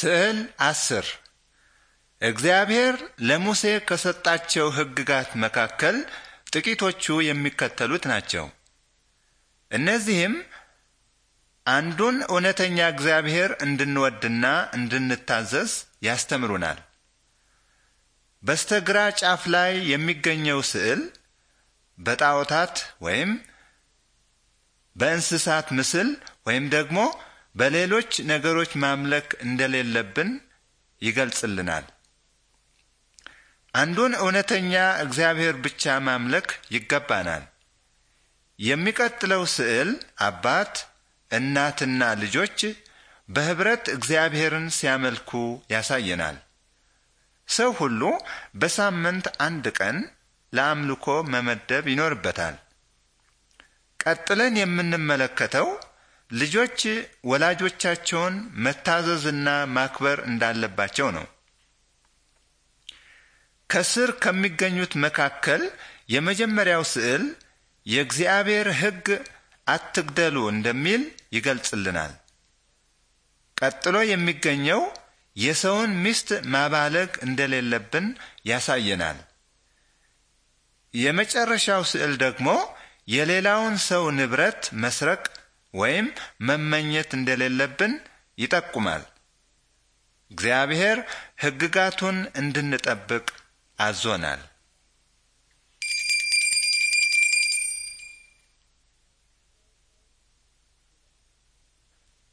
ስዕል አስር እግዚአብሔር ለሙሴ ከሰጣቸው ሕግጋት መካከል ጥቂቶቹ የሚከተሉት ናቸው። እነዚህም አንዱን እውነተኛ እግዚአብሔር እንድንወድና እንድንታዘዝ ያስተምሩናል። በስተግራ ጫፍ ላይ የሚገኘው ስዕል በጣዖታት ወይም በእንስሳት ምስል ወይም ደግሞ በሌሎች ነገሮች ማምለክ እንደሌለብን ይገልጽልናል። አንዱን እውነተኛ እግዚአብሔር ብቻ ማምለክ ይገባናል። የሚቀጥለው ስዕል አባት፣ እናትና ልጆች በህብረት እግዚአብሔርን ሲያመልኩ ያሳየናል። ሰው ሁሉ በሳምንት አንድ ቀን ለአምልኮ መመደብ ይኖርበታል። ቀጥለን የምንመለከተው ልጆች ወላጆቻቸውን መታዘዝና ማክበር እንዳለባቸው ነው። ከስር ከሚገኙት መካከል የመጀመሪያው ስዕል የእግዚአብሔር ሕግ አትግደሉ እንደሚል ይገልጽልናል። ቀጥሎ የሚገኘው የሰውን ሚስት ማባለግ እንደሌለብን ያሳየናል። የመጨረሻው ስዕል ደግሞ የሌላውን ሰው ንብረት መስረቅ ወይም መመኘት እንደሌለብን ይጠቁማል። እግዚአብሔር ሕግጋቱን እንድንጠብቅ አዞናል።